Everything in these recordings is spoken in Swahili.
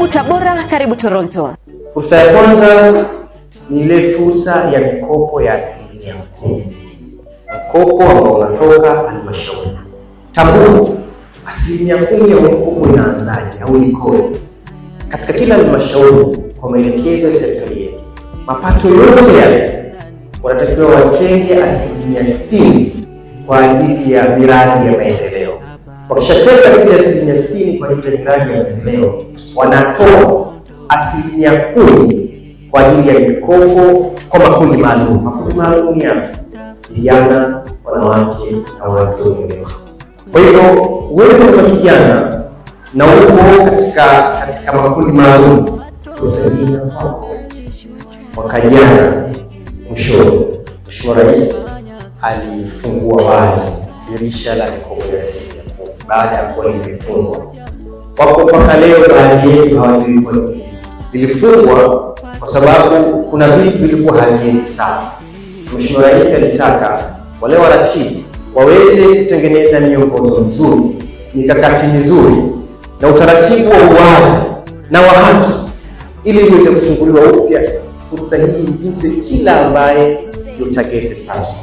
Karibu Tabora, karibu Toronto. Fursa ya kwanza ni ile fursa ya mikopo ya asilimia kumi, mkopo ambao unatoka halmashauri. Tambua asilimia kumi ya mkopo inaanzaje au ikoje? Katika kila halmashauri, kwa maelekezo ya serikali yetu, mapato yote yale wanatakiwa watenge asilimia sitini kwa ajili ya miradi ya maendeleo wakishatenga zile asilimia sitini kwa ajili ya miradi ya maendeleo, wanatoa asilimia kumi kwa ajili ya mikopo kwa makundi maalum. Makundi maalum ya vijana, wanawake na watu wengine. Kwa hivyo wewe kama kijana na uko katika katika makundi maalum, kusaidia kwako mwaka jana mwishoni, Mheshimiwa Rais alifungua wazi dirisha la mikopo ya baada ya kuwa nimefungwa. Wapo mpaka leo baadhi yetu hawajui kwa nini nilifungwa, kwa sababu kuna vitu vilikuwa haviendi sana. Mheshimiwa Rais alitaka wale waratibu waweze kutengeneza miongozo mizuri, mikakati mizuri na utaratibu wa uwazi na wa haki, ili iweze kufunguliwa upya fursa hii iguse kila ambaye ndio targeted person.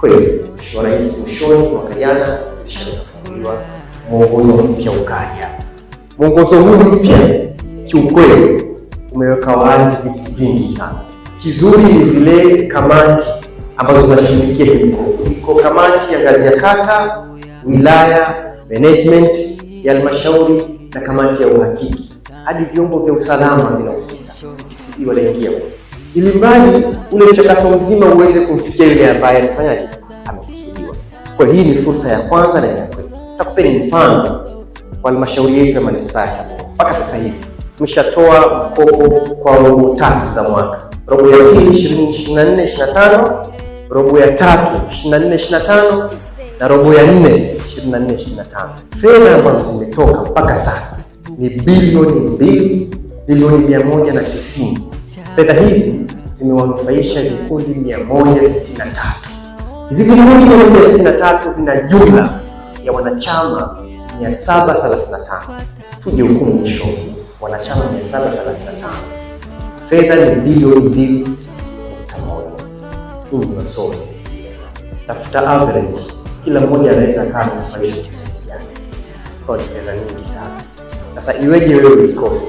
Kweli Mheshimiwa Rais mwishoni mwaka jana ilishafunguliwa mwongozo mpya ukaja. Mwongozo huu mpya kiukweli umeweka wazi vitu vingi sana. Kizuri ni zile kamati ambazo zinashirikia hiko iko kamati ya ngazi ya kata, wilaya, management ya halmashauri na kamati ya uhakiki hadi vyombo vya usalama vinahusika, CCD wanaingia, ili mradi ule mchakato mzima uweze kumfikia yule ambaye anafanyaje, amekusudiwa. Kwa hii ni fursa ya kwanza na ya Niwape ni mfano kwa halmashauri yetu ya manispaa ya Tabora. Mpaka sasa hivi tumeshatoa mkopo kwa robo tatu za mwaka, robo ya pili 2024 25, robo ya tatu 24 25 na robo ya nne 24 25. Fedha ambazo zimetoka mpaka sasa ni bilioni 2 bilioni 190 Fedha hizi zimewanufaisha vikundi 163 Hivi vikundi 163 vina jumla ya wanachama 735. Tuje huku mwisho, wanachama 735, fedha ni bilioni mbili nukta moja. Ninyi wasomi, tafuta average, kila mmoja anaweza kaa kunufaisha kiasi gani? Kwa ni fedha nyingi sana. Sasa iweje wewe ikose?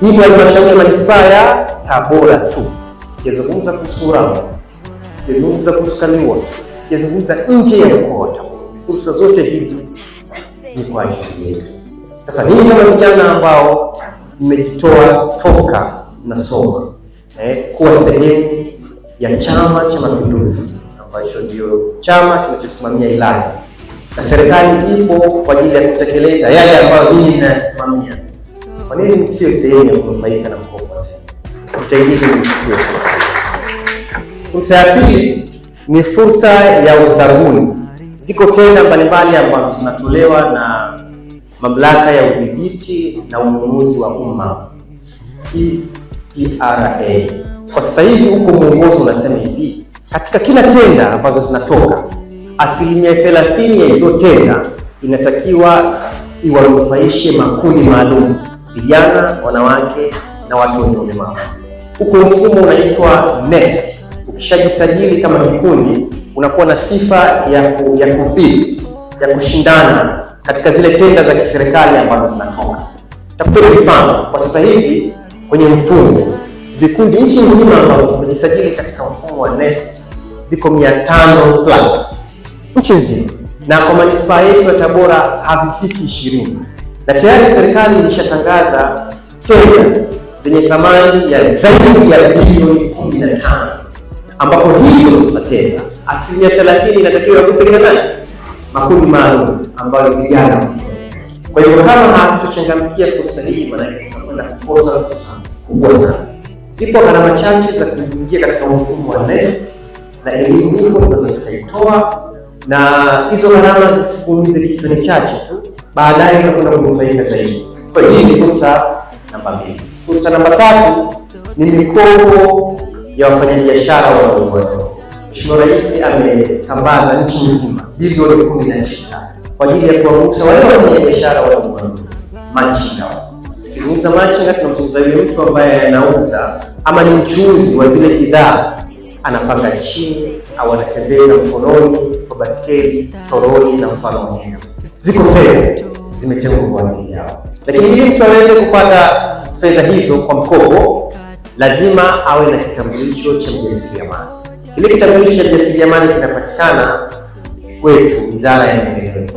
Hii ni halmashauri ya manispaa ya Tabora tu, sijazungumza kuhusu Ramba, sijazungumza kuhusu Kaliua, sijazungumza nje ya mkoa wa Tabora fursa zote hizi ni kwa ajili yetu. Sasa ninyi kama vijana ambao mmejitoa toka na soma eh, kuwa sehemu ya Chama cha Mapinduzi ambacho ndio chama kinachosimamia ilani na serikali ipo kwa ajili ya kutekeleza yale ambayo ninyi mnayasimamia, kwa nini msiwe sehemu ya kunufaika na mkopo fursa ya pili ni fursa ya uzabuni Ziko tenda mbalimbali ambazo zinatolewa na mamlaka ya udhibiti na ununuzi wa umma EPRA. Kwa sasa hivi huko mwongozo unasema hivi, katika kila tenda ambazo zinatoka, asilimia thelathini ya hizo tenda inatakiwa iwanufaishe makundi maalum, vijana, wanawake na watu wenye ulemavu. Huko mfumo unaitwa NEST ukishajisajili kama kikundi unakuwa na sifa ya ya kubid ya kushindana katika zile tenda za kiserikali ambazo zinatoka. Takupa mfano kwa sasa hivi kwenye mfumo vikundi nchi nzima ambavyo vimejisajili katika mfumo wa NeST viko 500 plus nchi nzima, na kwa manispaa yetu ya Tabora havifiki ishirini, na tayari serikali imeshatangaza tenda zenye thamani ya zaidi ya bilioni 15 ambapo hizo sasa tena asilimia thelathini inatakiwa yakuse nani? Makundi maalum ambayo vijana. Kwa hiyo kama hatutochangamkia fursa hii, maanake tunakwenda kukosa fursa kubwa sana. Zipo gharama chache za kuingia katika mfumo wa NeST na elimu hiyo tunaweza tukaitoa, na hizo gharama zisikuumize kichwa, ni chache tu, baadaye utakwenda kunufaika zaidi. Kwa hiyo hii ni fursa namba mbili. Fursa namba tatu ni mikopo ya wafanyabiashara wa wadogo. Mheshimiwa Rais amesambaza nchi nzima bilioni 19 kwa ajili ya kuwagusa wale wafanyabiashara wadogo, machinga. Ukizungumza machinga, tunamzungumza yule mtu ambaye anauza ama ni mchuuzi wa zile bidhaa, anapanga chini au anatembeza mkononi kwa baskeli, toroli na mfano wenyewe. Ziko fedha zimetengwa kwa ajili yao, lakini ili mtu aweze kupata fedha hizo kwa mkopo lazima awe na kitambulisho cha mjasiriamali. Kile kitambulisho cha mjasiriamali kinapatikana kwetu Wizara ya Maendeleo.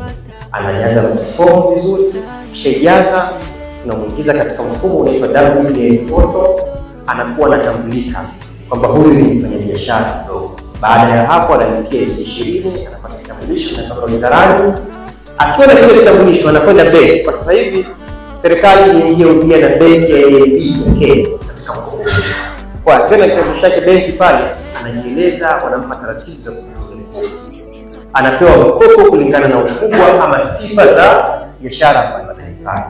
Anajaza fomu vizuri, kishajaza tunamwingiza katika mfumo unaitwa WPA anakuwa anatambulika kwamba huyu ni mfanyabiashara mdogo. Baada ya hapo, analipia elfu ishirini anapata kitambulisho, anatoka wizarani. Akiwa na kile kitambulisho anakwenda benki. Kwa sasa hivi serikali iingie upya na benki ya ADB pekee katika mkoa kwa tena kitabu chake benki pale anajieleza, wanampa taratibu za anapewa mkopo kulingana na ukubwa ama sifa za biashara ambayo anaifanya.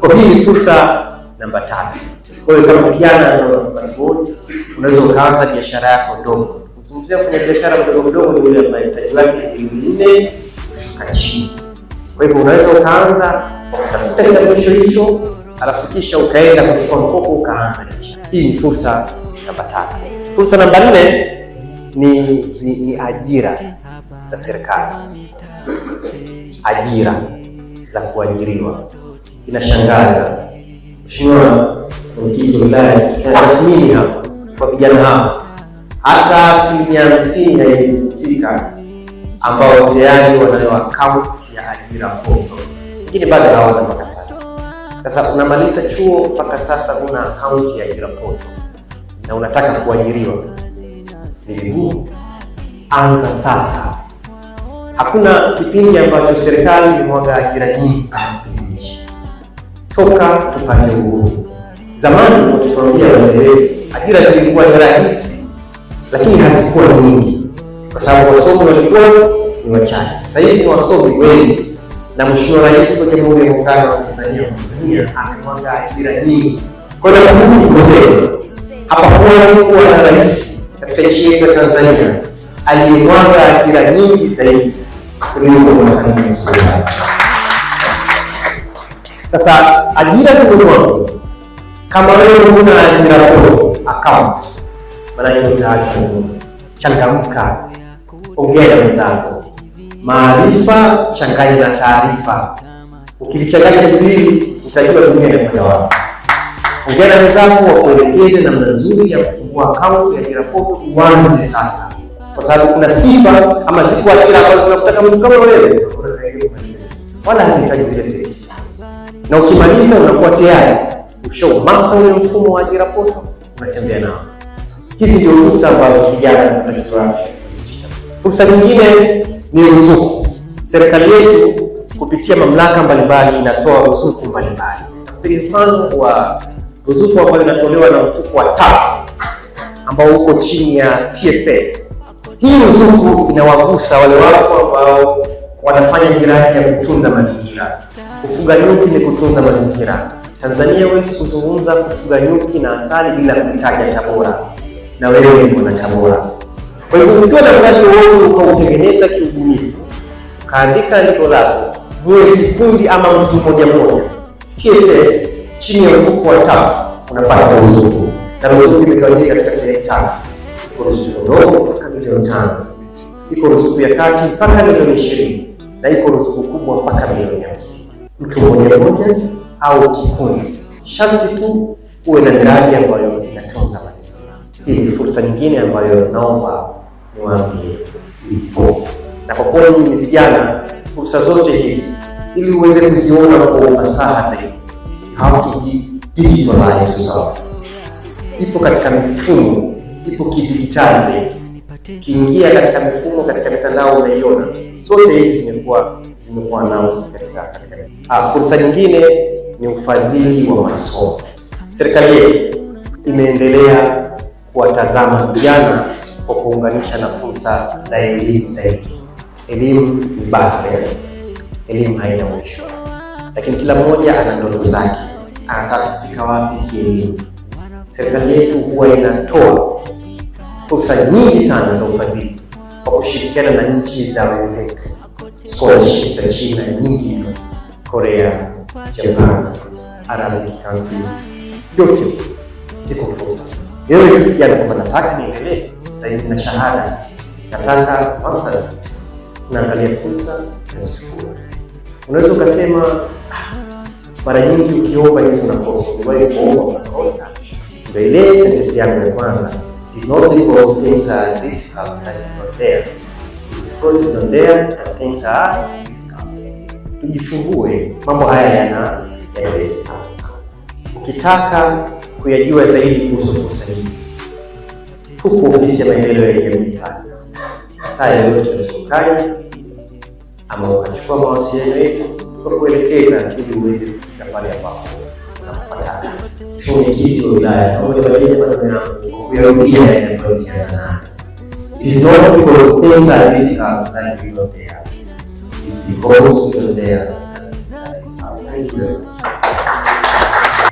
Kwa hii ni fursa namba tatu. Kwa hiyo kama kijana naanazuoni, unaweza ukaanza biashara yako ndogo. Kuzungumzia mfanya biashara mdogo mdogo ni yule ambaye mtaji wake ni milioni nne kushuka chini. Kwa hivyo unaweza ukaanza tafuta kitambulisho hicho, alafu kisha ukaenda kuchukua mkopo ukaanza kisha. Hii ni fursa namba tatu. Fursa namba nne ni, ni, ni ajira za serikali, ajira za kuajiriwa. Inashangaza Mheshimiwa Mwenyekiti wa Wilaya, tathmini hapa kwa vijana hao hata asilimia hamsini haiwezi kufika ambao tayari wanayo akaunti ya ajira mkopo lakini bado haona mpaka sasa. Sasa unamaliza chuo mpaka sasa una akaunti ya ajira poto na unataka kuajiriwa, ni vigumu. Anza sasa. Hakuna kipindi ambacho serikali imemwaga ajira nyingi kama kipindi Toka tupate uhuru, zamani wakituambia wazee wetu, ajira zilikuwa ni rahisi, lakini hazikuwa nyingi, kwa sababu wasomi walikuwa ni wachache. Sasa hivi wasomi wengi na Mheshimiwa Rais wa Jamhuri ya Muungano wa Tanzania wa Tanzania amemwaga ajira nyingi. Kwa hiyo nakumbuka kosea, hapakuwahi kuwa na rais katika nchi yetu ya Tanzania aliyemwaga ajira nyingi zaidi kuliko Samia Suluhu Hassan. Sasa ajira zimemwagwa, kama wewe huna ajira kwa account, maanake utaachwa. Changamka, ongea na wenzako Maarifa changanya na taarifa. Ukilichanganya vitu hivi utajua dunia moja wapi. Ongea na wenzako wakuelekeze namna nzuri ya kufungua akaunti ya Ajira Portal, uanze sasa, kwa sababu kuna sifa ama ziko ajira ambazo zinakutaka mtu kama wewe, wala hazihitaji zile certificates, na ukimaliza unakuwa tayari ushaumasta ule mfumo wa Ajira Portal, unatembea nao. Hizi ndio fursa ambazo vijana wanatakiwa. Fursa nyingine ni ruzuku. Serikali yetu kupitia mamlaka mbalimbali inatoa ruzuku mbalimbali. Piga mfano wa ruzuku ambayo inatolewa na mfuko wa TAFU ambao uko chini ya TFS. Hii ruzuku inawagusa wale watu ambao wanafanya miradi ya kutunza mazingira. Kufuga nyuki ni kutunza mazingira. Tanzania huwezi kuzungumza kufuga nyuki na asali bila kutaja Tabora, na wewe ni mwana Tabora. Kwa hivyo ukiwa na mradi wowote ukautengeneza kiubunifu, ukaandika andiko lako, muwe kikundi ama mtu mmoja mmoja, TFS chini ya mfuko wa TAFU unapata ruzuku, na ruzuku imegawanyika katika sehemu tatu. Iko ruzuku ndogo mpaka milioni tano, iko ruzuku ya kati mpaka milioni ishirini, na iko ruzuku kubwa mpaka milioni hamsini. Mtu mmoja mmoja au kikundi, sharti tu uwe na miradi ambayo inatunza mazingira. Hii ni fursa nyingine ambayo naomba niwaambie ipo, na kwa kuwa ni vijana, fursa zote hizi ili uweze kuziona kwa ufasaha zaidi, how to digitalized yourself, ipo katika mifumo, ipo kidijitali zaidi. Kiingia katika mifumo, katika mitandao unaiona, zote hizi zimekuwa zimekuwa announced katika katika. Ah, fursa nyingine ni ufadhili wa masomo. Serikali yetu imeendelea kuwatazama vijana kwa kuunganisha na fursa za elimu zaidi. Elimu ni bure, elimu haina mwisho, lakini kila mmoja ana ndoto zake, anataka kufika wapi kielimu. Serikali yetu huwa inatoa fursa nyingi sana za ufadhili kwa kushirikiana na nchi za wenzetu, scholarship za China nyingi, Korea, Japan, Arabic countries, vyote ziko fursa. Wewe tu kijana kwamba nataka niendelee sasa hivi na shahada, nataka master, naangalia fursa nazichukua. Unaweza ukasema ah, mara nyingi ukiomba hizi unakosa, uliwahi kuomba unakosa. Ndio ile sentence yangu ya kwanza, is not because things are difficult that you don't dare, is because you don't dare that things are difficult. Tujifungue, mambo haya yana yanawezekana sana ukitaka kuyajua zaidi kuhusu fursa hizi tuko ofisi ya maendeleo ya jamii kata, saa yoyote unazokaja ama ukachukua mawasiliano yetu tukakuelekeza ili uweze kufika pale ambapo unapata. Mwenyekiti wa wilaya, naomba maneno yangu kuyarudia yale ambayo nianza nayo. It is not because things are difficult that you are not there. It's because you are there. Thank you